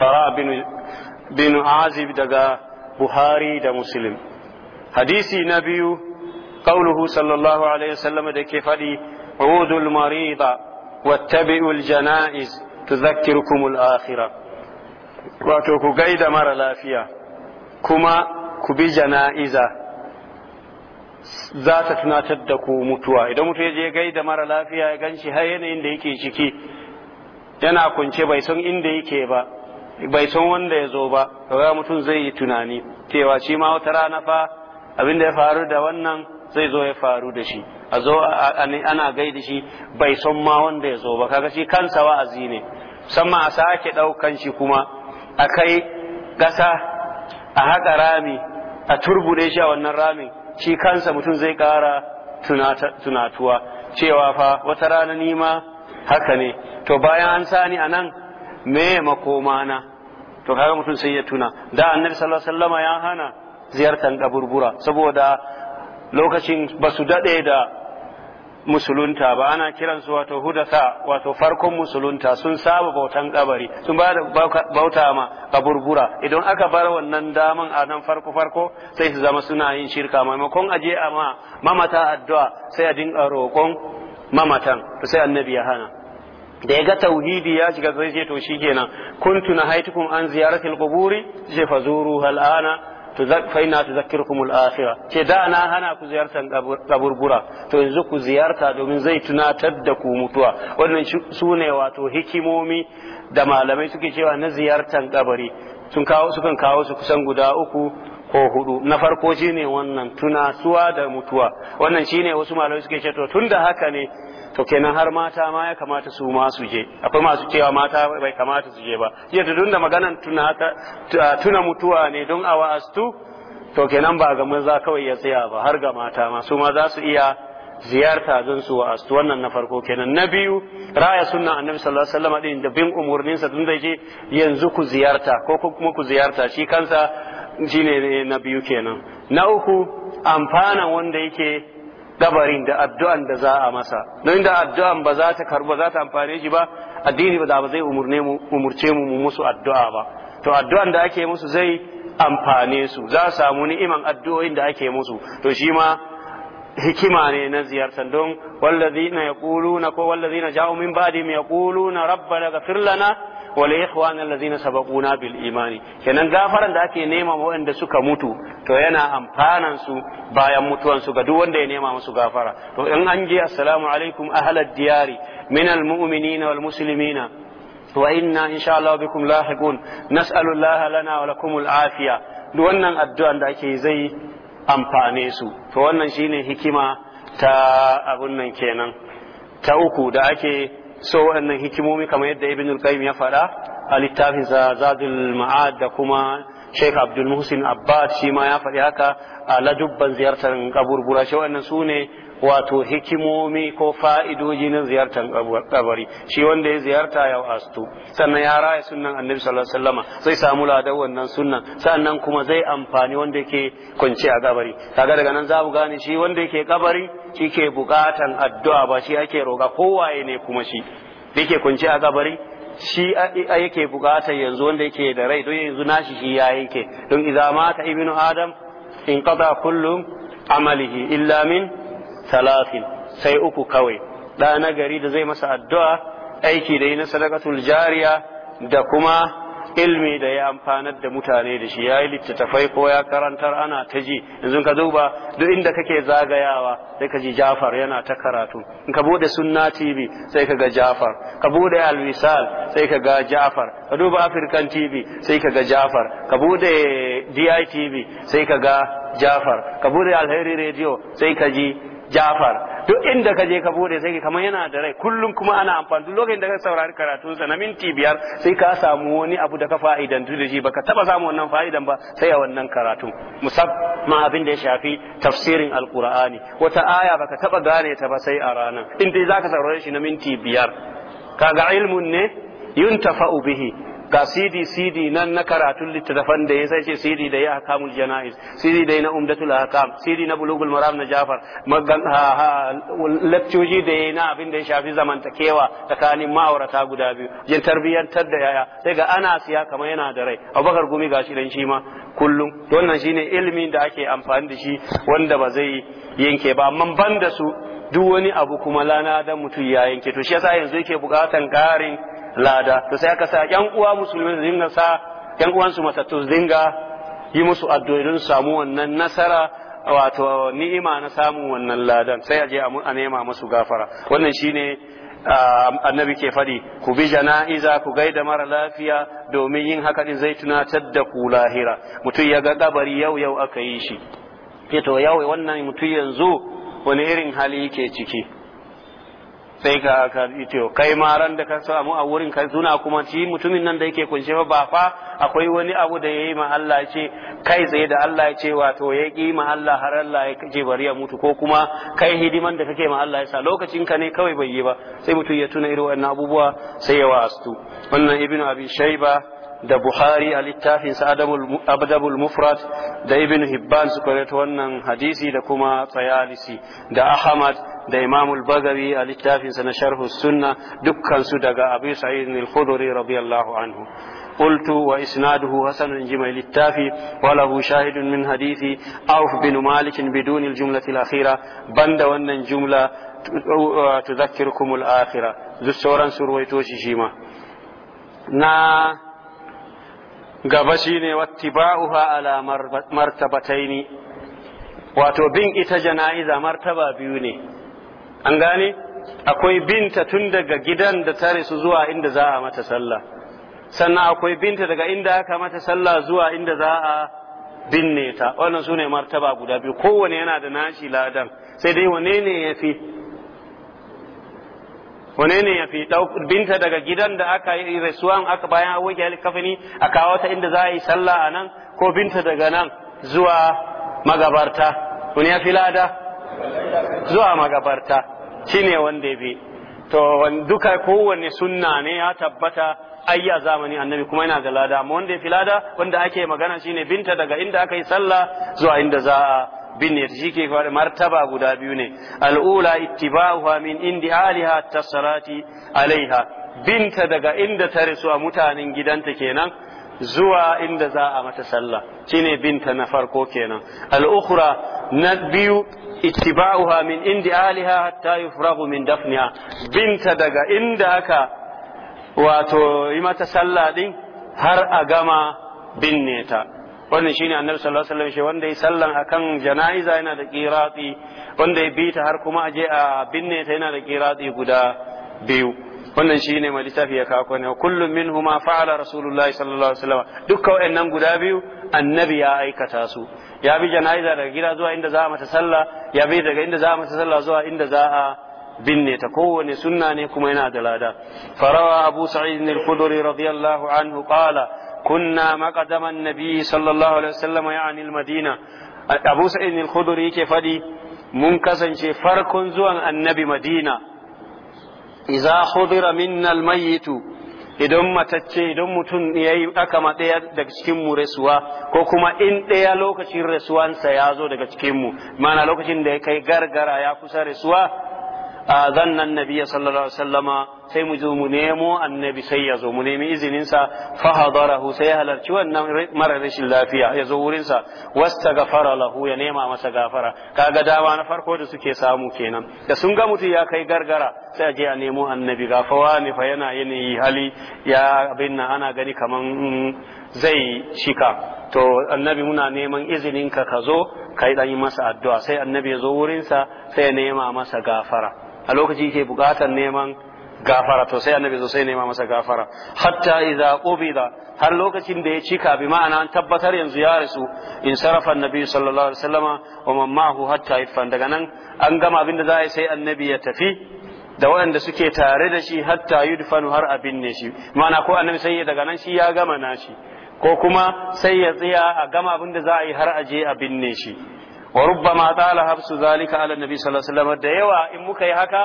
bara bin bin daga buhari da muslim hadisi na biyu qauluhu sallallahu alaihi wasallam da ke fadi udul marida wattabi'ul janaiz tudhakkirukumul akhirah wato ku gaida mara lafiya kuma ku bi jana'iza za ta tunatar da ku mutuwa idan mutu ya je gaida mara lafiya ya ganshi har yanayin da yake ciki yana kunce bai san inda yake ba bai san wanda ya zo ba kaga mutum zai yi tunani cewa shi ma wata rana fa abin ya faru da wannan zai zo ya faru da shi a zo ana gaida shi bai san ma wanda ya zo ba kaga shi kansa wa'azi ne musamman a sake ɗaukan shi kuma a kai gasa a haƙa rami a turbude shi a wannan ramin shi kansa mutum zai ƙara tunatuwa cewa fa wata rana nima haka ne to bayan an sani a nan me makoma na to kaga mutum sai ya tuna da annabi sallallahu alaihi wasallam ya hana ziyartar kaburbura saboda lokacin basu su dade da musulunta ba ana kiran su wato hudasa wato farkon musulunta sun saba bautan kabari sun ba da bauta ma kaburbura idan aka bar wannan daman a nan farko farko sai su zama suna yin shirka maimakon aje a ma mamata addu'a sai a dinga roƙon mamatan to sai annabi ya hana da ya ga tauhidi ya shiga sai ce to shikenan kuntu haitukum an ziyaratil quburi ce fazuru hal ana fa inna tuzakkirukum al akhirah ce da na hana ku ziyartar kaburbura to yanzu ku ziyarta domin zai tunatar da ku mutuwa wannan sune wato hikimomi da malamai suke cewa na ziyartar kabari sun kawo sukan kawo su kusan guda uku ko hudu na farko shine wannan tunasuwa da mutuwa wannan shine wasu malamai suke cewa to tunda haka ne to kenan har mata ma ya kamata su ma su je akwai masu cewa mata bai kamata su je ba ya da maganan tuna mutuwa ne don a wa'astu to kenan ba ga maza kawai ya tsaya ba har ga mata ma su ma za su iya ziyarta don su wa'astu wannan na farko kenan na biyu raya sunna annabi sallallahu alaihi wasallam din da bin umurninsa tun zai je yanzu ku ziyarta ko kuma ku ziyarta shi kansa shine na biyu kenan na uku amfana wanda yake Dabarin da addu'an da za a masa don da addu'an ba za ta karba za ta amfane shi ba addini ba da ba zai umurne mu umurce mu musu addu'a ba to addu'an da ake musu zai amfane su za su samu ni'iman addu'o'in da ake musu to shi ma hikima ne na ziyartar don wallazina yaquluna ko wallazina ja'u min ba'di yaquluna rabbana ghfir lana wa li ikhwana allazina sabaquna bil imani kenan gafaran da ake nema ma suka mutu to yana amfanan bayan mutuwansu ga duk wanda ya nema musu gafara to in an je assalamu alaikum ahlad diyari min al wal muslimina wa inna insha Allah bikum lahiqun nas'alu Allah lana wa lakum al afiya duk wannan addu'an da ake zai amfane su to wannan shine hikima ta abun nan kenan ta uku da ake so waɗannan hikimomi kamar yadda ibn al-qayyim ya faɗa a littafin sa zadul ma'ad da kuma sheikh abdul muhsin abbad shi ma ya faɗi haka a ladubban ziyartar kaburbura shi waɗannan su ne wato hikimomi ko fa'idoji na ziyartar kabari shi wanda ya ziyarta yau astu sannan ya raya sunan annabi sallallahu alaihi wasallama zai samu ladan wannan sunan sannan kuma zai amfani wanda yake kunce a kabari kaga daga nan za mu gane shi wanda yake kabari shi ke bukatan addu'a ba shi ake roga kowaye ne kuma shi da yake kunce a kabari shi yake bukatan yanzu wanda yake da rai don yanzu nashi shi ya yake don idza mata ibnu adam in qada kullum amalihi illa min talatin sai uku kawai ɗa na gari da zai masa addu'a aiki da yi na sadakatul jariya da kuma ilmi da ya amfanar da mutane da shi ya yi littattafai ko ya karantar ana ta ji yanzu ka duba duk inda kake zagayawa sai ka ji jafar yana ta karatu in ka bude sunna tv sai ka ga jafar ka bude alwisal sai ka ga jafar ka duba african tv sai ka ga jafar ka bude di ditv sai ka ga jafar ka bude alheri radio sai ka ji Jafar duk inda ka je ka bude sai kamar yana da rai kullum kuma ana amfani duk lokacin da ka saurari karatun sa na minti biyar sai ka samu wani abu da ka fa'idantu da shi baka taba samu wannan fa'idan ba sai a wannan karatu ma abin da ya shafi tafsirin alqur'ani wata aya baka taba gane ta ba sai a ranar in dai zaka saurari shi na minti biyar kaga ilmun ne yuntafa'u bihi ga cd cd nan na karatun littattafan da ya sai ce cd da ya mul jana'iz cd da na umdatul hakam cd na bulugul maram na jafar lakcoji da ya na abin da ya shafi zamantakewa tsakanin ma'aurata guda biyu jin tarbiyyantar da yaya sai ga ana siya kamar yana da rai abubakar gumi ga shi dan shi ma kullum wannan shine ilimin da ake amfani da shi wanda ba zai yanke ba amma ban da su duk wani abu kuma lana dan mutum ya yanke to shi yasa yanzu yake bukatan karin lada to sai aka sa yan uwa musulmi su dinga sa yan su dinga yi musu addu'a don samu wannan nasara wato ni'ima na samun wannan ladan sai a je a nema musu gafara wannan shine annabi ke faɗi ku bi jana'iza ku gaida mara lafiya domin yin haka din zai tunatar da ku lahira mutum ya ga kabari yau yau aka yi shi to yau wannan mutum yanzu wani irin hali yake ciki sai ka ka ito kai ma ran da ka samu a wurin ka zuna kuma ci mutumin nan da yake kunshe ba ba fa akwai wani abu da yayi ma Allah yace kai tsaye da Allah ya ce wato ya ki ma Allah har Allah ya je bari ya mutu ko kuma kai hidiman da kake ma Allah ya lokacin ka ne kawai bai yi ba sai mutum ya tuna irin wannan abubuwa sai ya wastu wannan ibnu abi shayba da Buhari a littafinsa sa Adabul Mufrad da Ibn Hibban su rawaito wannan hadisi da kuma Tsayalisi da Ahmad da Imamul bagawi a littafinsa na sharhu sunna dukkansu daga Abu Sa'id al-Khudri radiyallahu anhu قلت وإسناده حسن جمع للتافي وله شاهد من حديث أوف بن مالك بدون الجملة الأخيرة بند وأن الجملة تذكركم الآخرة ذو السورة سرويتوش جيما na gaba shine wattiba'uha ala martabataini wato bin ita jana'iza martaba biyu ne an gane akwai binta tun daga gidan da ta rasu zuwa inda za a mata sallah sannan akwai binta daga inda aka mata sallah zuwa inda za a binne ta wannan sune martaba guda biyu kowane yana da nashi ladan sai dai wane ne ya fi wane ne ya fi binta daga gidan da aka yi rasuwan aka bayan ya yi kafini a kawo ta inda za a yi sallah a nan ko binta daga nan zuwa magabarta wani ya fi lada zuwa magabarta shine wanda ya fi to duka kowanne sunna ne ya tabbata ayi a zamani annabi kuma yana da lada amma wanda ya fi lada wanda ake magana shine binta daga inda aka yi sallah zuwa inda za a binne shi ke faɗi martaba guda biyu ne al'ula ittiba'uha min indi aliha tasarati alaiha binta daga inda ta rasu a mutanen gidanta kenan zuwa inda za a mata sallah shine binta na farko kenan al'ukhra na biyu ittiba'uha min indi aliha hatta yufragu min dafniha binta daga inda aka wato yi mata sallah din har a gama binne ta wannan shine annabi sallallahu alaihi wasallam shi wanda ya sallan akan jana'iza yana da qiraati wanda ya bita har kuma aje a binne ta yana da qiraati guda biyu wannan shine mai littafi ya kawo ne kullum minhuma fa'ala rasulullahi sallallahu alaihi wasallam dukkan wayannan guda biyu annabi ya aikata su ya bi jana'iza daga gida zuwa inda za a mata sallah ya bi daga inda za a mata sallah zuwa inda za a binne ta kowane sunna ne kuma yana da lada farawa abu sa'id al-khudri radiyallahu anhu qala kunna maqadama an-nabi sallallahu alaihi wasallam ya'ni al-madina abu sa'id al-khudri yake fadi mun kasance farkon zuwan annabi madina idza khudira minna al-mayyit idan matacce idan mutum ya yi aka matsaya daga cikinmu rasuwa ko kuma in ɗaya lokacin rasuwansa ya zo daga cikinmu mana lokacin da ya kai gargara ya kusa rasuwa آذنا النبي صلى الله عليه وسلم sai mu zo mu nemo annabi sai ya zo mu nemi izinin fa hadarahu sai ya halarci wannan mara rashin lafiya ya zo wurin sa gafara lahu ya nema masa gafara kaga dama na farko da suke samu kenan da sun ga mutum ya kai gargara sai aje je a nemo annabi gafawa ne fa yana yin hali ya abin nan ana gani kaman zai shika to annabi muna neman izinin ka ka zo ka yi masa addu'a sai annabi ya zo wurin sa sai ya nema masa gafara a lokaci yake bukatar neman gafara to sai annabi zo sai nema masa gafara hatta idza qubida har lokacin da ya cika bi ma'ana an tabbatar yanzu ya rasu in sarafa annabi sallallahu alaihi wasallama wa man ma'ahu hatta ifan daga nan an gama abin da za a yi sai annabi ya tafi da waɗanda suke tare da shi hatta yudfanu har a binne shi ma'ana ko annabi sai daga nan shi ya gama nashi ko kuma sai ya tsaya a gama abin da za a yi har a je a binne shi wa rubbama ta'ala habsu zalika ala nabi sallallahu alaihi wasallam da yawa in muka yi haka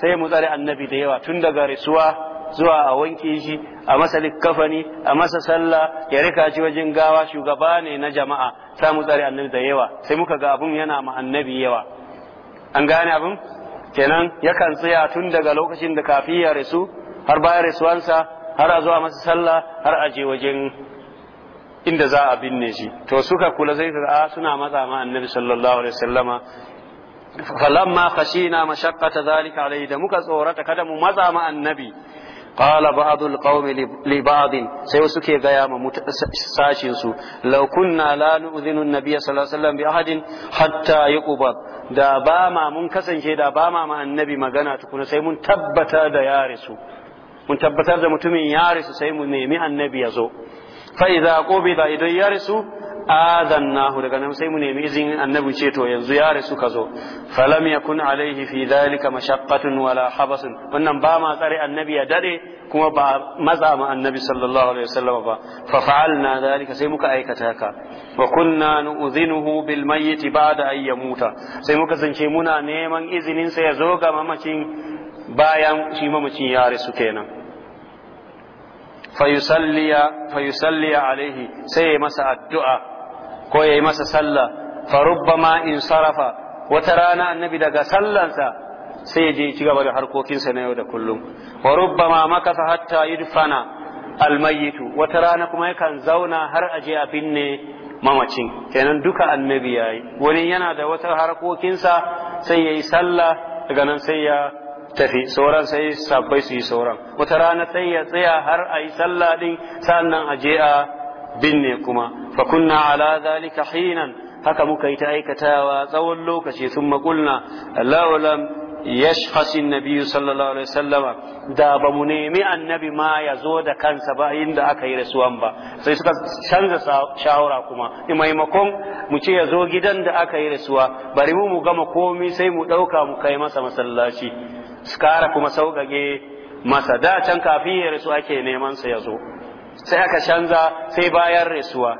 sai mu tsare annabi da yawa tun daga risuwa zuwa a wanke shi a masa likkafani a masa sallah ya rika shi wajen gawa shugaba ne na jama'a sai mu tsare annabi da yawa sai muka ga abun yana ma annabi yawa an gane abun kenan yakan tsaya tun daga lokacin da kafi ya rasu har bayan rasuwansa har a zuwa masa sallah har a je wajen inda za a binne shi to suka kula sai ka a ah, suna matsa ma annabi sallallahu alaihi wasallama falamma khashina mashaqqata zalika alaihi da muka tsorata kada mu matsa ma annabi qala ba'dul qaumi li ba'd sai wasu ke gaya ma sashin su law kunna la nu'dhinu an-nabiy sallallahu alaihi wasallam bi ahadin hatta yuqbad da ba ma mun kasance da ba ma annabi magana tukuna sai mun tabbata da yare su mun tabbatar da mutumin yare su sai mu nemi annabi ya zo Fa'iza idza qubida idan ya rasu adannahu daga nan sai mu nemi izinin annabi ce to yanzu ya rasu ka zo falam yakun alaihi fi dhalika mashaqqatun wala habasun wannan ba ma tsare annabi ya daɗe kuma ba matsa ma annabi sallallahu alaihi wasallam ba fa fa'alna dhalika sai muka aikata ka wa kunna nu'zinuhu bil mayyit ba'da an yamuta sai muka zance muna neman izinin sa ya zo ga mamacin bayan shi mamacin ya rasu kenan fayusalliya alaihi sai ya masa addu'a ko ya yi masa sallah farubbama in sarafa wata rana annabi daga sallansa sai ya je ci gaba da harkokinsa na yau da kullum wa maka makasa hatta yudfana almayitu wata rana kuma yakan zauna har aje a binne mamacin kenan duka annabi yayi wani yana da wata harkokinsa sai ya yi sallah daga nan sai ya tafi sauran sai sabbai su yi sauran wata rana sai ya tsaya har a yi sallah din sannan a je a binne kuma fa kunna ala zalika hinan haka muka yi ta aikatawa tsawon lokaci sun makulna laulam na nabi sallallahu alaihi sallama da ba mu nemi annabi ma ya zo da kansa ba inda aka yi rasuwan ba sai suka canza shawara kuma maimakon mu ce ya zo gidan da aka yi rasuwa bari mu mu gama komi sai mu ɗauka mu kai masa masallaci su kuma sauƙaƙe masa da can kafin ya rasu ake neman sa ya zo sai aka canza sai bayan rasuwa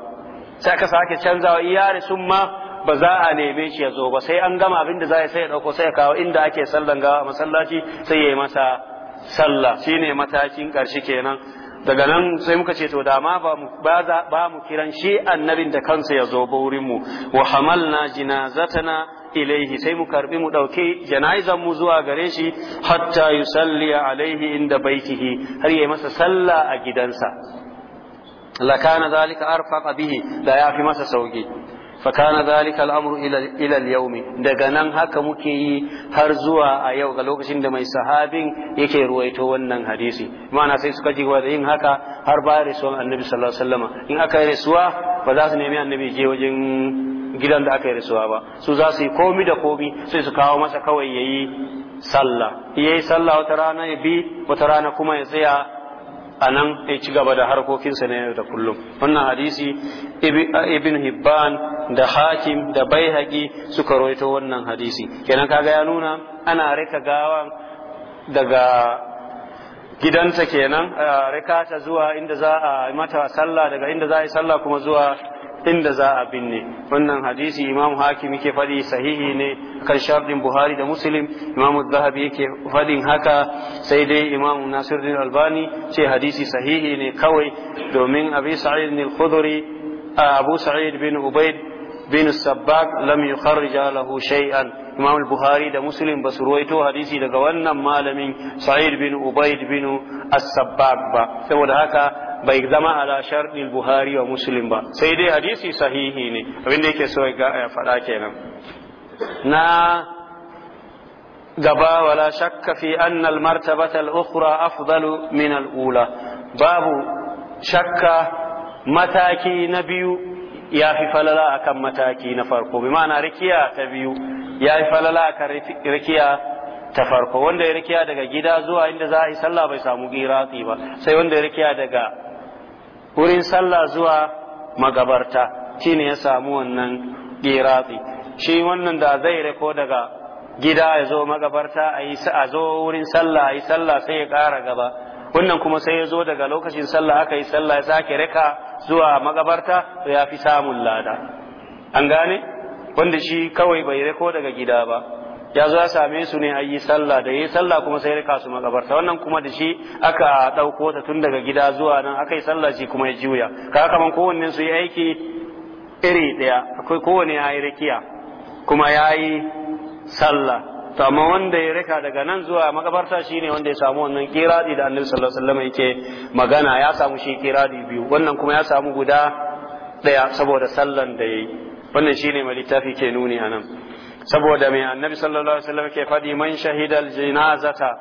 sai aka sake canzawa iya rasun ma ba za a neme shi ya zo ba sai an gama abin da za a sai ya ɗauko sai ya kawo inda ake sallan gawa masallaci sai ya yi masa sallah shine matakin ƙarshe kenan daga nan sai muka ce to dama ba mu kiran shi annabin da kansa ya zo ba wurin mu wa hamalna jinazatana ilaihi sai mu karbi mu dauke jana'izan mu zuwa gare shi hatta yusalli alaihi inda baitihi har yayi masa sallah a gidansa la kana zalika arfa bihi da ya fi masa sauki fa kana zalika al'amru ila al daga nan haka muke yi har zuwa a yau ga lokacin da mai sahabin yake ruwaito wannan hadisi ma'ana sai suka ji da yin haka har bayan rasuwan annabi sallallahu alaihi wasallam in aka yi rasuwa ba za su nemi annabi je wajen gidan da aka yi rasuwa ba su za su yi komi da komi sai su kawo masa kawai yayi sallah ya yi sallah wata rana ya bi wata rana kuma ya tsaya a nan ya ci gaba da harkokinsa na yau da kullum wannan hadisi ibn hibban da hakim da baihaqi suka roito wannan hadisi kenan kaga ya nuna ana rika gawa daga gidansa kenan rika zuwa inda za a mata sallah daga inda za a yi sallah kuma zuwa inda za a binne wannan hadisi imam hakim yake faɗi sahihi ne kan sharɗin buhari da muslim imam zahabi yake faɗin haka sai dai imam nasiruddin albani ce hadisi sahihi ne kawai domin abi sa'id bin abu sa'id bin ubaid bin sabbak lam yukharrija lahu shay'an imam buhari da muslim basu ruwaito hadisi daga wannan malamin sa'id bin ubaid bin as ba saboda haka bai zama ala sharɗin buhari wa muslim ba sai dai hadisi sahihi ne abinda yake so ya faɗa kenan na gaba wala shakka fi annal martabata al-ukhra afdalu min al-ula babu shakka mataki na biyu ya fi falala akan mataki na farko bi ma'ana rikiya ta biyu ya fi falala akan rikiya ta farko wanda ya rikiya daga gida zuwa inda za a yi sallah bai samu giratsi ba sai wanda ya rikiya daga wurin sallah zuwa magabarta ne ya samu wannan ƙiratsi shi wannan da zai rako daga gida ya zo magabarta a zo wurin sallah a yi sallah sai ya ƙara gaba wannan kuma sai ya zo daga lokacin sallah aka yi sallah ya sake rika zuwa magabarta to ya fi samun lada an gane wanda shi kawai bai rako daga gida ba ya zo ya same su ne a yi sallah da yi sallah kuma sai rika su makabarta wannan kuma da shi aka ɗauko ta tun daga gida zuwa nan aka yi sallah shi kuma ya juya ka kaman kowanne su yi aiki iri ɗaya akwai kowanne ya yi rikiya kuma ya yi sallah to amma wanda ya rika daga nan zuwa makabarta shine wanda ya samu wannan kiradi da annabi sallallahu alaihi wasallam yake magana ya samu shi kiradi biyu wannan kuma ya samu guda ɗaya saboda sallan da ya yi wannan shine mai littafi ke nuni a nan saboda mai annabi sallallahu alaihi wasallam ke faɗi man shahidar jinazata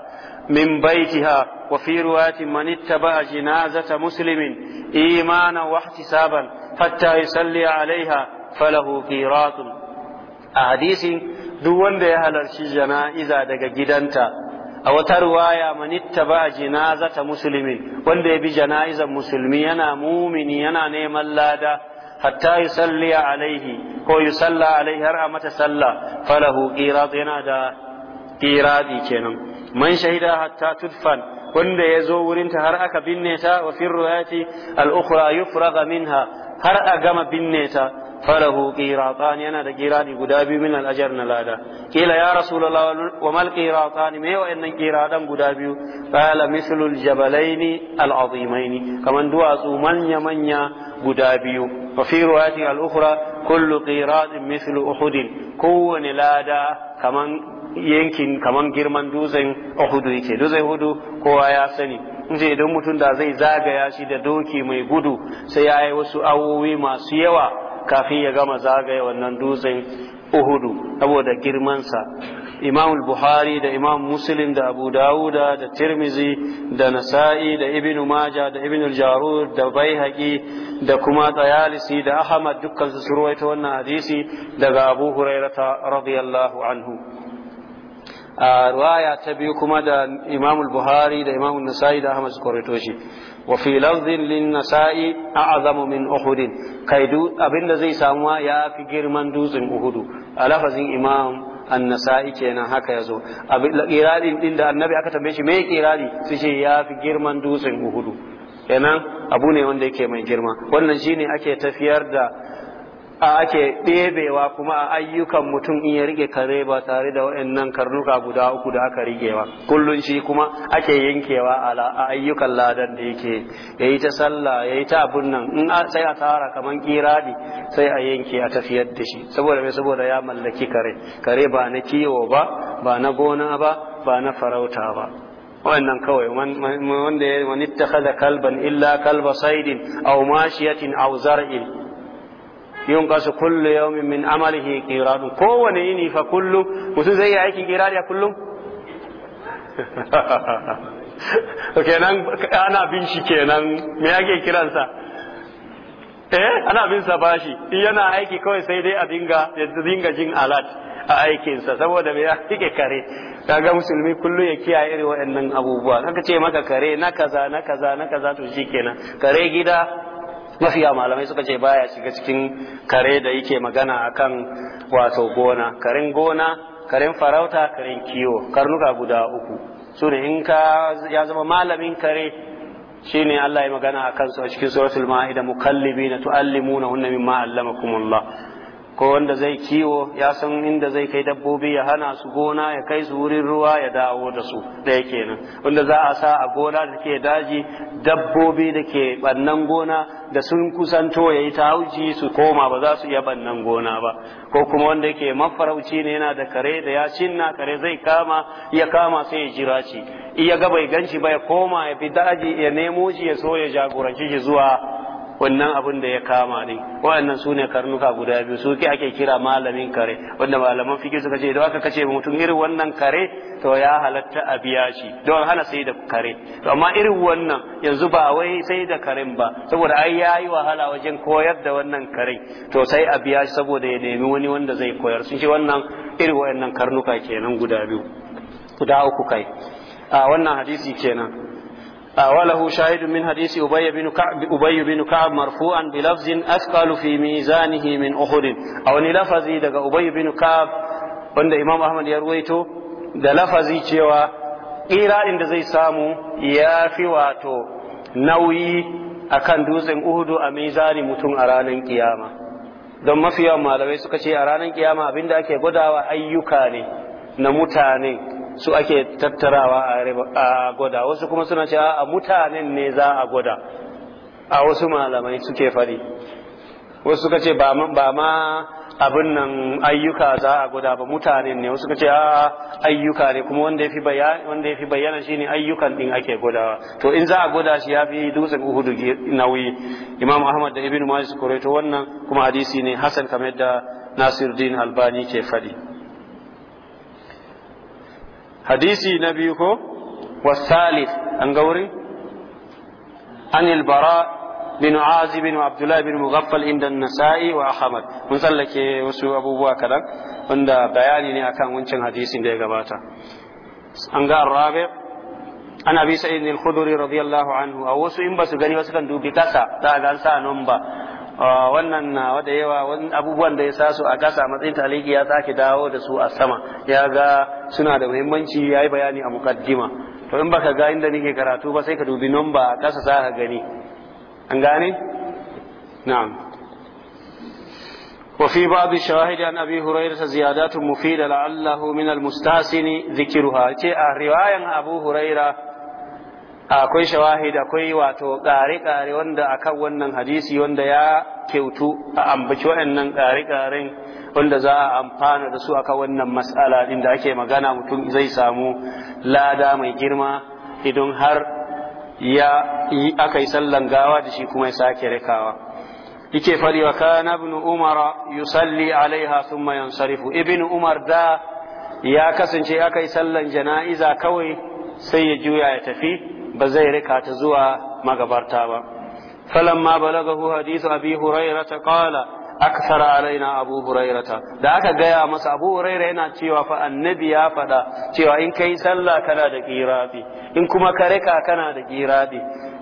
min baitiha wa fi riwayati man ittaba jinazata muslimin imana wa ihtisaban hatta yusalli alaiha falahu qiratun a hadisi duk wanda ya halarci jana'iza daga gidanta a wata ruwaya manitta ba jinazata musulmin wanda ya bi jana'izar musulmi yana mumini yana neman lada hatta yusalli alaihi ko yusalla alaihi har a mata sallah falahu qirat yana da qiradi kenan man shahida hatta tudfan wanda ya zo wurinta har aka binne ta wa fi ruwayati al-ukhra yufraga minha har a gama binne ta falahu qiratan yana da qirani guda biyu min al-ajr na lada kila ya rasulullah wa mal qiratan me wa'annan qiradan guda biyu qala mislu al-jabalaini al-azimaini kaman duwatsu manya manya guda biyu wa fi riwayatin al-ukhra kullu qiratin mithlu uhudin kowane lada kaman yankin kaman girman dutsen uhudu yake dutsen uhudu kowa ya sani inje idan mutum da zai zagaya shi da doki mai gudu sai ya yi wasu awowi masu yawa kafin ya gama zagaya wannan dutsen uhudu saboda girmansa imam buhari da imam muslim da abu dawuda da tirmizi da nasa'i da Ibinu maja da ibnu jarud da baihaqi da kuma tsayalisi da ahmad dukkan su ruwaito wannan hadisi daga abu hurairata radiyallahu anhu a ruwaya ta biyu kuma da imamul buhari da imam nasa'i da ahmad su ruwaito shi وفي لفظ للنساء أعظم من أحد كيدو أبن زي ساموا يا في جرمان دوز أحد ألفز إمام annasa'i kenan haka yazo kirarin din da annabi aka tambaye shi me kirari su ce ya fi girman dutsen uhudu kenan abu ne wanda yake mai girma wannan shine ake tafiyar da a ake ɗebewa kuma a ayyukan mutum in ya rike kare ba tare da waɗannan karnuka guda uku da aka rike ba kullun shi kuma ake yankewa a ayyukan ladan da yake yayi ta sallah yayi ta abun nan in sai a tara kamar kiradi sai a yanke a tafiyar da shi saboda me saboda ya mallaki kare kare ba na kiwo ba ba na gona ba ba na farauta ba wannan kawai wanda ya wani takhadha kalban illa kalba saidin aw mashiyatin aw zar'in kasu kullu yawmin min amalihi qiradun kowane yini fa kullu mutum zai yi aikin qiradi a kullum kenan ana bin shi kenan me yake kiransa eh ana bin sa bashi in yana aiki kawai sai dai a dinga dinga jin alat a aikinsa saboda me yake kare kaga musulmi kullu ya kiyaye irin waɗannan abubuwa kaka ce maka kare na kaza na kaza na kaza to shikenan kare gida mafiya malamai suka ce baya shiga cikin kare da yake magana akan wato gona karen gona karen farauta karen kiwo karnuka guda uku su ne in ka ya zama malamin kare shine Allah ya magana akan kansu a cikin suratul ma'ida na tu'allimuna hunna mimma allamakumullah ko wanda zai kiwo ya san inda zai kai dabbobi ya hana su gona ya kai su wurin ruwa ya dawo da su ɗaya kenan wanda za a sa a gona da ke daji dabbobi da ke bannan gona da sun kusanto ya yi tauji su koma ba za su iya bannan gona ba ko kuma wanda ke mafarauci ne yana da kare da ya cinna kare zai kama ya kama sai ya jira ci iya ga bai ganci ba ya koma ya fi daji ya nemo shi ya so ya jagoranci shi zuwa wannan abin da ya kama ne waɗannan su ne karnuka guda biyu su ke ake kira malamin kare wanda malaman fiƙi suka ce da aka kace mutum irin wannan kare to ya halatta a biya shi don hana sai da kare to amma irin wannan yanzu ba wai sai da karen ba saboda ai yayi wahala wajen koyar da wannan kare to sai a biya shi saboda ya nemi wani wanda zai koyar sun ce wannan irin waɗannan karnuka kenan guda biyu guda uku kai a wannan hadisi kenan وله شاهد من حديث أبي بن كعب أبي بن كعب مرفوعا بلفظ أثقل في ميزانه من أحد أو لفظي دغ أبي بن كعب عند إمام أحمد يرويته ruwaito لفظي lafazi cewa إن da سامو يا ya fi wato akan dutsen Uhudu a mizani mutum a ranar kiyama don mafi yawan malamai suka ce a ranar kiyama abinda ake gudawa ayyuka ne na mutane su ake tattarawa a gwada wasu kuma suna cewa a mutanen ne za a gwada a wasu malamai suke fari wasu suka ce ba ma abin nan ayyuka za a gwada ba mutanen ne wasu suka ce a ayyuka ne kuma wanda ya fi bayyana shi ne ayyukan din ake gwadawa to in za a gwada shi ya fi dutsen uhudu nauyi imam ahmad da ibn majah su wannan kuma hadisi ne hasan kamar da nasiruddin albani ke faɗi hadisi na biyu ko والثالث أنقوري عن البراء بن عازب وعبد الله بن مغفل عند النسائي وأحمد من سلك وسو أبو بكر عند بياني أكان وانشان حديث دي قباتا أنقى الرابع عن أبي سعيد الخدري رضي الله عنه أو وسو إن بس غني بس كان دوبي كسا دا غنسا نمبا Ah, wannan na da yawa abubuwan da ya sa su a kasa matsayin taliki ya sake dawo da su a sama ya ga suna da muhimmanci ya yi bayani a mukaddima to in baka ga inda nake karatu ba sai ka dubi nomba a kasa za ka gani an gane na'am وفي بعض الشواهد عن أبي هريرة زيادات مفيدة لعله من المستحسن ذكرها رواية Abu هريرة akwai shawahid akwai wato ƙare-ƙare wanda akan wannan hadisi wanda ya kyautu a ambaci waɗannan ƙare-ƙaren wanda za a amfana da su akan wannan mas'ala ɗin da ake magana mutum zai samu lada mai girma idan har ya yi aka yi sallan gawa da shi kuma ya sake rikawa yake fari wa kana ibn umar yusalli alaiha thumma yansarifu ibn umar da ya kasance aka yi sallan jana'iza kawai sai ya juya ya tafi ba zai rika ta zuwa magabarta ba falamma balagahu hadithu abi hurairata qala Alaina, alaina أبو da aka gaya masa Abu Huraira yana cewa fa annabi ya faɗa cewa in kai sallah kana da kirabi in kuma ka rika kana da kirabi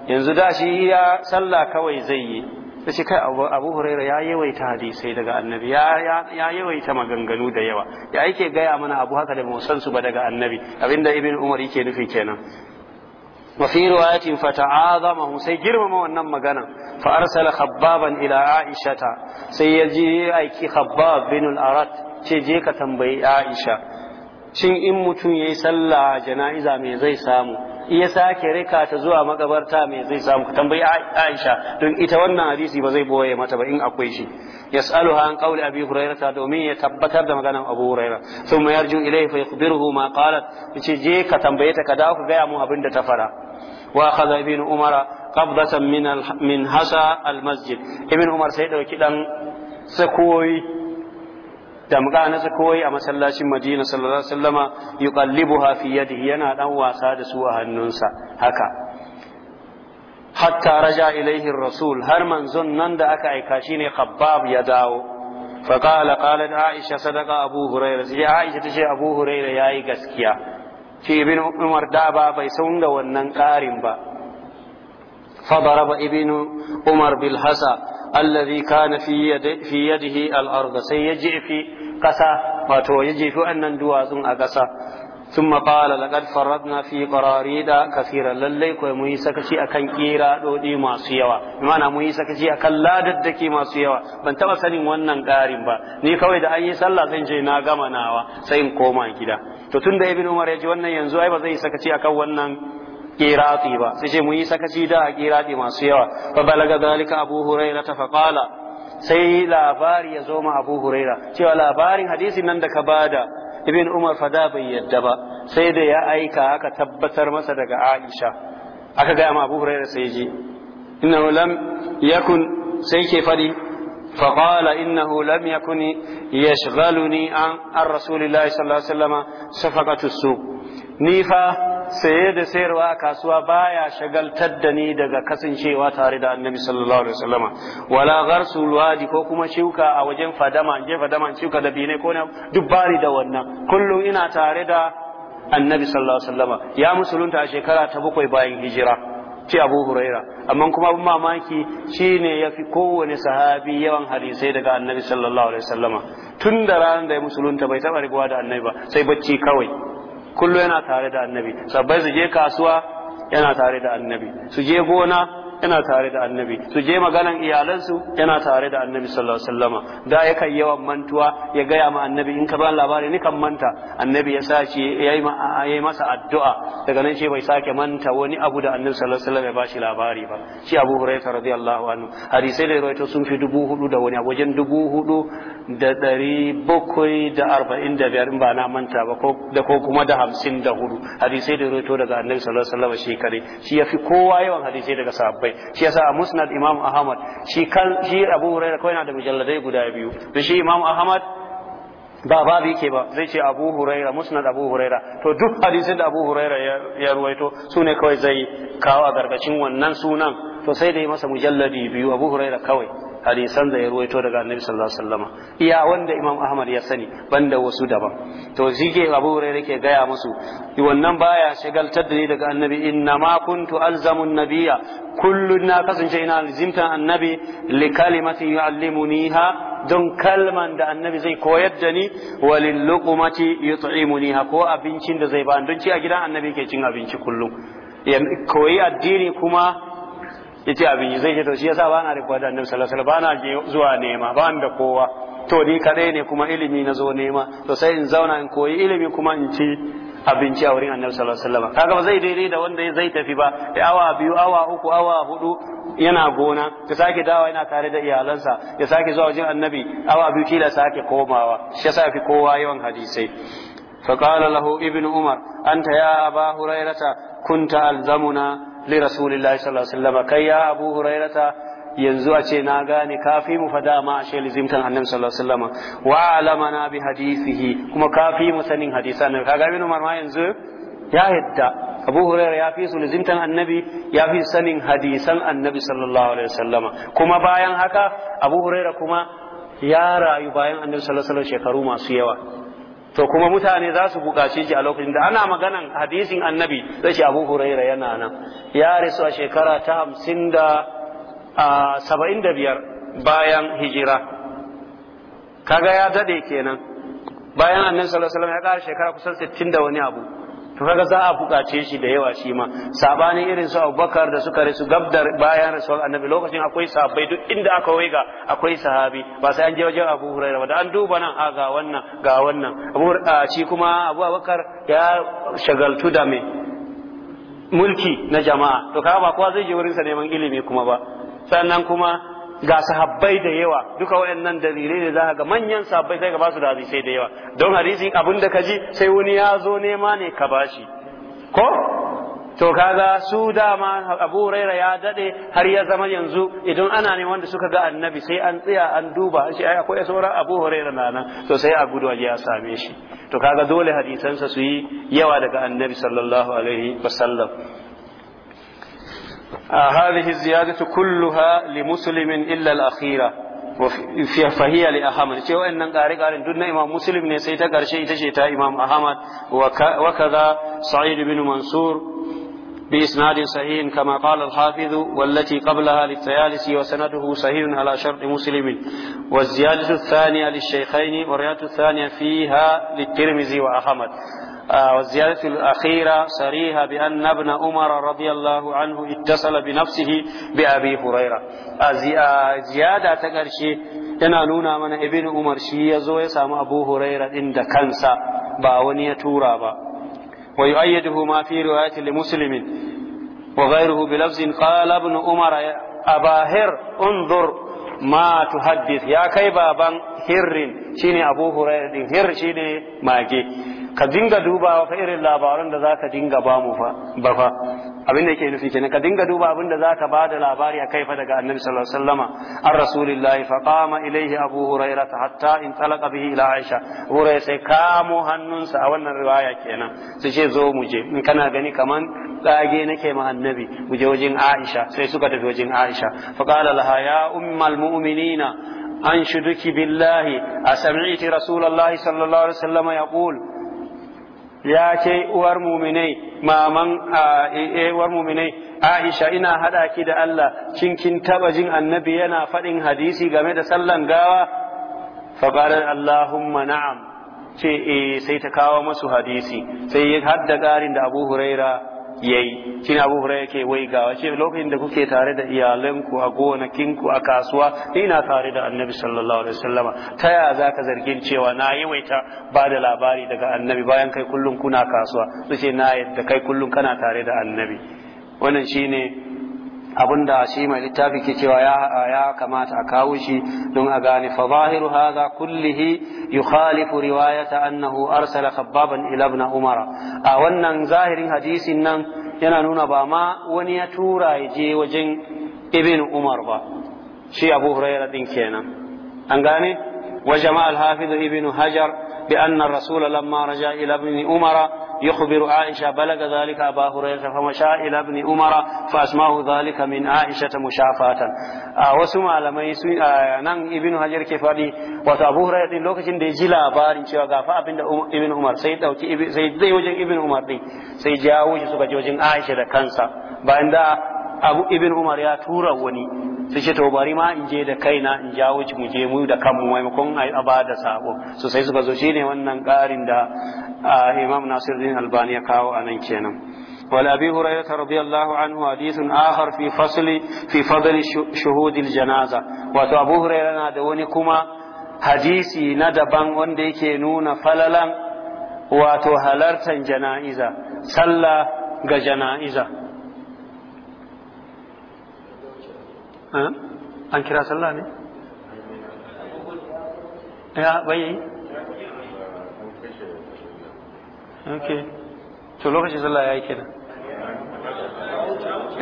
yanzu da shi ya sallah kawai zai yi da kai Abu Huraira ya yawaita hadisai daga annabi ya yawaita maganganu da yawa ya yake gaya mana abu haka da mu san su ba daga annabi abinda Ibn Umar yake nufi kenan wa fi riwayatin fata'azamahu sai girmama wannan magana fa arsala khabbaban ila aishata sai ya je aiki khabbab arat ce je ka tambayi aisha shin in mutum yayi sallah jana'iza me zai samu iya sake rika ta zuwa magabarta me zai samu ka tambayi aisha don ita wannan hadisi ba zai boye mata ba in akwai shi يسألها عن قول أبي هريرة دومية تبتر دم غنم أبو هريرة ثم يرجو إليه فيخبره ما قالت بشي جيكا تنبيتك داوك غير ta fara. واخذ ابن عمر قبضة من من Ibin المسجد ابن عمر ɗan كدان سكوي damga na sakoyi a masallacin madina sallallahu alaihi wasallama yuqallibuha fi yadihi yana dan wasa da su a hannunsa haka hatta raja ilaihi rasul har manzon nan da aka aika shi ne khabbab ya dawo fa qala qalat aisha sadaqa abu hurairah sai aisha tace abu hurairah yayi gaskiya bin ibn umar da ba bai san ga wannan ƙarin ba fadara ba ibn umar bilhasa hasa alladhi kana fi yadi fi yadihi al sai yaji fi kasa wato yaji fi annan duwatsun a ƙasa. ثم قال لقد فرطنا في قراريد كثيرا للي كوي مي سكشي اكن قيرا دودي ماسو sakaci akan مي سكشي اكن لاددكي ماسو يوا ban taba sanin wannan ƙarin ba ni kawai da an yi sallah zan je na gama nawa sai in koma gida to tunda ibn ya ji wannan yanzu ai ba zai sakaci akan wannan qirati ba sai ce mu yi sakaci da qirati masu yawa a balaga zalika abu hurairah fa qala sai labari ya zo ma abu huraira cewa labarin hadisin nan da ka bada Ibin Umar fa da bai yarda ba sai da ya aika aka tabbatar masa daga Aisha aka ga amma Abu Hurairah sai je innahu lam yakun sai ke fadi fa qala innahu lam yakun yashghaluni an ar-rasulillahi sallallahu alaihi wasallam safaqatus ni fa saye da sayarwa a kasuwa baya shagaltar da ni daga kasancewa tare da annabi sallallahu alaihi wasallam wala gharsul wadi ko kuma shuka a wajen fadama je fadama shuka da bine ko na duk bari da wannan kullum ina tare da annabi sallallahu alaihi wasallam ya musulunta a shekara ta bakwai bayan hijira ce abu huraira amma kuma abin mamaki shine ya fi kowane sahabi yawan hadisai daga annabi sallallahu alaihi wasallam tun da ranar da ya musulunta bai taɓa riguwa da annabi ba sai bacci kawai kullum yana tare da annabi sabbai su je kasuwa yana tare da annabi su je gona yana tare da annabi su je maganan iyalansu yana tare da annabi sallallahu alaihi wasallama da ya kai yawan mantuwa ya gaya ma annabi in ka ba labari ni kan manta annabi ya sace yayi masa addu'a daga nan ce bai sake manta wani abu da annabi sallallahu alaihi wasallama ya bashi labari ba shi Abu Hurairah radiyallahu anhu hadisai da rawaito sun fi dubu hudu da wani wajen dubu hudu da ɗari bakwai da arba'in da biyar ba na manta ba da ko kuma da hamsin da hudu hadisai da rawaito daga annabi sallallahu alaihi wasallama shi kare shi ya fi kowa yawan hadisai daga sahabbai sahabbai shi yasa a musnad imam ahmad shi kan shi abu huraira kawai na da mujalladai guda biyu to shi imam ahmad ba babu yake ba zai ce abu huraira musnad abu huraira to duk hadisin da abu huraira ya ruwaito su ne kawai zai kawo a gargacin wannan sunan to sai dai masa mujalladi biyu abu huraira kawai hadisan da ya ruwaito daga annabi sallallahu alaihi wasallam iya wanda imam ahmad ya sani banda wasu daban to zige abu hurairah ke gaya musu wannan baya shagaltar da ni daga annabi inna ma kuntu alzamu nabiyya kullu na kasance ina alzimtan annabi li kalimati yuallimuniha don kalman da annabi zai koyar da ni walil luqmati yut'imuniha ko abincin da zai ba don ci a gidan annabi ke cin abinci kullum koyi addini kuma yace abin yi zai ke to shi yasa ba na rikwa da annabi sallallahu alaihi wasallam ba na zuwa nema ba da kowa to ni kadai ne kuma ilimi na zo nema to sai in zauna in koyi ilimi kuma in ci abinci a wurin annabi sallallahu alaihi wasallam kaga ba zai daidai da wanda zai tafi ba ya awa biyu awa uku awa hudu yana gona ya sake dawa yana tare da iyalansa ya sake zuwa wajen annabi awa biyu kila sake komawa shi yasa fi kowa yawan hadisai فقال له ابن عمر أنت يا أبا هريرة كنت ألزمنا li rasulillahi sallallahu alaihi kai ya abu hurairata yanzu a ce na gane kafin mu fada ma a shi lizimtan annabi sallallahu alaihi wasallam wa alamana bi hadisihi kuma kafi sanin hadisan ka ga ibn yanzu ya yadda abu ya fi su annabi ya fi sanin hadisan annabi sallallahu alaihi kuma bayan haka abu kuma ya rayu bayan annabi shekaru masu yawa to kuma mutane za su buƙace shi a lokacin da ana maganan hadisin annabi zai ce abu huraira yana nan ya rasu a shekara ta hamsin da saba'in da biyar bayan hijira kaga ya daɗe kenan bayan annabi sallallahu alaihi wasallam ya ƙara shekara kusan sittin da wani abu to kaga za a bukace shi da yawa shi ma sabanin irin su Abubakar da suka rasu gabdar bayan rasuwar annabi lokacin akwai sahabbai duk inda aka waiga akwai sahabi ba sai an je wajen Abu Hurairah da an duba nan a ah, ga wannan ga wannan Abu ah, shi kuma Abu Abubakar ya shagaltu da me mulki na jama'a to kaga ba kowa zai je wurin sa neman ilimi kuma ba sannan kuma ga sahabbai da yawa duka waɗannan dalilai ne za ga manyan sahabbai sai ka ba su da hadisai da yawa don hadisi abin da ka ji sai wani ya zo nema ne ka bashi ko to kaga su dama Abu Huraira ya daɗe har ya zama yanzu idan ana ne wanda suka ga annabi sai an tsaya an duba shi ai akwai sauran Abu Huraira na nan to sai a gudu ya same shi to kaga dole hadisansa su yi yawa daga annabi sallallahu alaihi wasallam هذه الزيادة كلها لمسلم إلا الأخيرة فهي لأحمد شو إن قارئ قارئ دون إمام مسلم نسيت قرشي تشيتا إمام أحمد وكذا سعيد بن منصور بإسناد صحيح كما قال الحافظ والتي قبلها للثيالسي وسنده صحيح على شرط مسلم والزيادة الثانية للشيخين والرواية الثانية فيها للترمذي وأحمد a والزيادة الأخيرة صريحة Umar ابن anhu رضي الله عنه اتصل بنفسه بأبي هريرة ta ƙarshe yana nuna mana ibn umar shi ya zo ya samu abu huraira din da kansa ba wani ya tura ba wa yu'ayyiduhu ma fi riwayati li muslimin wa ghayruhu bi lafzin qala ibn umar abahir unzur ma tuhaddith ya kai baban hirrin shine abu huraira din hir shine mage ka dinga dubawa fa irin labaran da ka dinga ba mu fa ba fa abin da yake nufi kenan ka dinga duba abin da za ka ba da labari akai fa daga annabi sallallahu alaihi wasallama ar rasulillahi fa qama ilaihi abu hurairah hatta in talaqa bihi ila aisha Huraira sai kamo hannunsa a wannan riwaya kenan sai ce zo mu je in kana gani kaman tsage nake ma annabi mu je wajen aisha sai suka tafi wajen aisha fa qala laha ya ummal mu'minina أنشدك بالله biLlahi رسول الله صلى الله عليه وسلم ya ce uwar muminai maman e, e, uwar muminai Aisha ina haɗa ki da Allah kin kin taba jin annabi yana faɗin hadisi game da sallan gawa fa Allahumma na'am ce eh sai ta kawo masu hadisi sai ya hadda garin da Abu Huraira yayi shine Abu Hurairah yake wai ga wace lokacin da kuke tare da iyalanku a gonakinku a kasuwa ina tare da Annabi sallallahu alaihi wasallama ta yaya zaka zargin cewa na yawaita ba da labari daga Annabi bayan kai kullum kuna kasuwa su na yadda kai kullun kana tare da Annabi wannan shine da shi mai littafi ke cewa ya kamata a kawo shi don a gane fa zahiru hadha kullihi yukhalifu riwayata annahu arsala khabbaban ila ibn umara a wannan zahirin hadisin nan yana nuna ba ma wani ya tura ya je wajen ibn umar ba shi abu hurairah din kenan an gane وجمع الحافظ ابن حجر بأن الرسول لما رجع إلى ابن يخبر عائشة بلغ ذلك أبا هريرة فمشى إلى ابن عمر فأسماه ذلك من عائشة مشافاة وسمع لما يسمي نان ابن هجر كفادي وأبو هريرة لوكشن دي جلا بارين شوى غافا ابن عمر سيد أو سيد زي وجن ابن عمر دي سيد جاوش سبا جوجن عائشة كانسا بعد abu ibn umar ya tura wani sai ce to bari ma in je da kaina in jawo mu je mu da kanmu maimakon a ba da sabo so sai suka zo shine wannan karin da imam nasiruddin albani ya kawo anan kenan وعن ابي هريره anhu Anhu عنه حديث اخر fi فصل في فضل janaza wa to Abu هريره na da wani kuma hadisi na daban wanda yake nuna falalan wato halartan jana'iza sallah ga jana'iza an kira sallah ne ya bayi okay to lokacin sallah ya yi kenan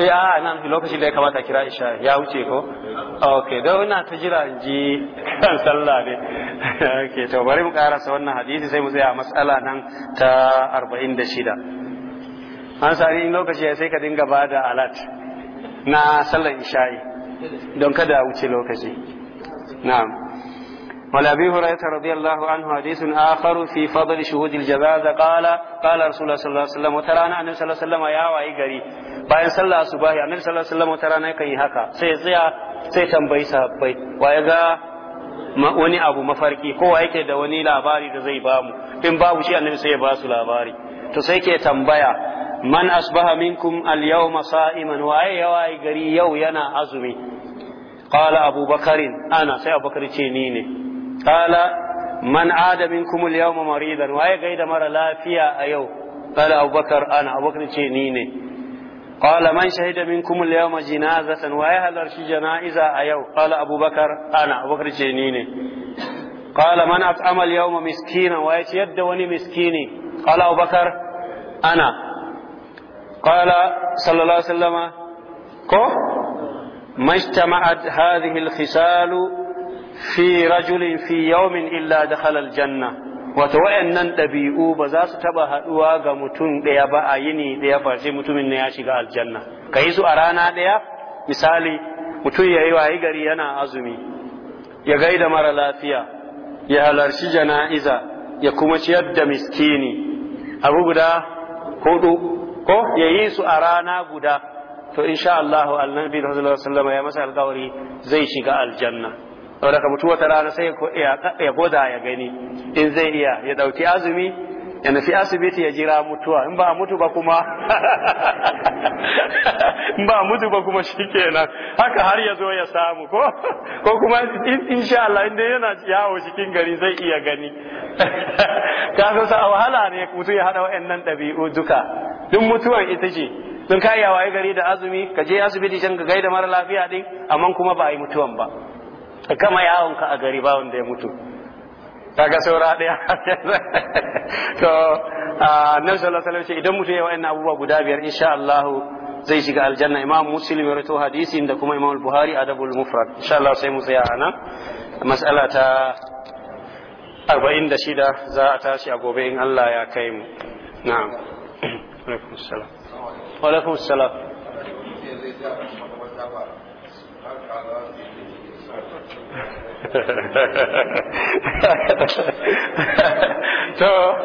eh a nan lokacin da ya kamata kira isha ya wuce ko okay don ina ta jira in ji kan sallah ne okay to bari mu karasa wannan hadisi sai mu tsaya matsala nan ta 46 an sani lokaci ya sai ka dinga bada alat na sallar isha'i don kada wuce lokaci na'am وعن ابي هريره رضي الله عنه حديث اخر في فضل شهود الجنازه قال قال رسول الله صلى الله عليه وسلم وترانا النبي صلى الله عليه وسلم يا واي غري bayan sallah subahi annabi sallallahu alaihi wasallam wata kan yi haka sai tsaya sai tambayi sahabbai ya ga wani abu mafarki ko wa yake da wani labari da zai bamu in babu shi annabi sai ya ba su labari to sai ke tambaya man asbaha minkum al yawma sa'iman waye ya wayi gari yau yana azumi qala abu bakarin ana sai abu ce ni ne qala man ada minkum al yawma maridan waye gaida mara lafiya a yau qala abu ana abu ce ni ne qala man shahida minkum al yawma jinazatan waye halarci janaiza a yau qala abu ana abu ce ni ne qala man at'ama al yawma miskina waye ciyar da wani miskini ana sallallahu alaihi ko ما اجتمعت هذه الخصال في رجل في يوم إلا دخل الجنة wato wayannan ɗabi'u ba za su taɓa haɗuwa ga mutum ɗaya ba a yini ɗaya ba sai mutumin ne ya shiga aljanna ka yi su a rana ɗaya misali mutum ya yi wayi gari yana azumi ya gaida mara lafiya ya halarci jana'iza ya kuma ciyar da miskini abu guda hudu ko ya yi su a rana guda to insha Allah annabi sallallahu alaihi wasallam ya masa alƙawari zai shiga aljanna saboda ka mutu wata rana sai ya goda ya gani in zai iya ya dauki azumi ya nufi asibiti ya jira mutuwa in ba mutu ba kuma in ba mutu ba kuma shikenan haka har ya zo ya samu ko ko kuma insha Allah inda yana yawo cikin gari zai iya gani ka san sa wahala ne mutu ya hada wa'annan dabi'u duka duk mutuwan ita ce don ka ya waye gari da azumi ka je asibiti can ga gaida mara lafiya din amma kuma ba a yi mutuwan ba ka kama yawon ka a gari ba wanda ya mutu kaga saura daya to annabi sallallahu alaihi wasallam idan mutum ya wa'annan abubuwa guda biyar insha Allah zai shiga aljanna imam muslim ya rawaito hadisi da kuma imam buhari adabul mufrad insha Allah sai mu tsaya anan mas'ala ta 46 za a tashi a gobe in Allah ya kai mu na'am alaikum وعليكم السلام to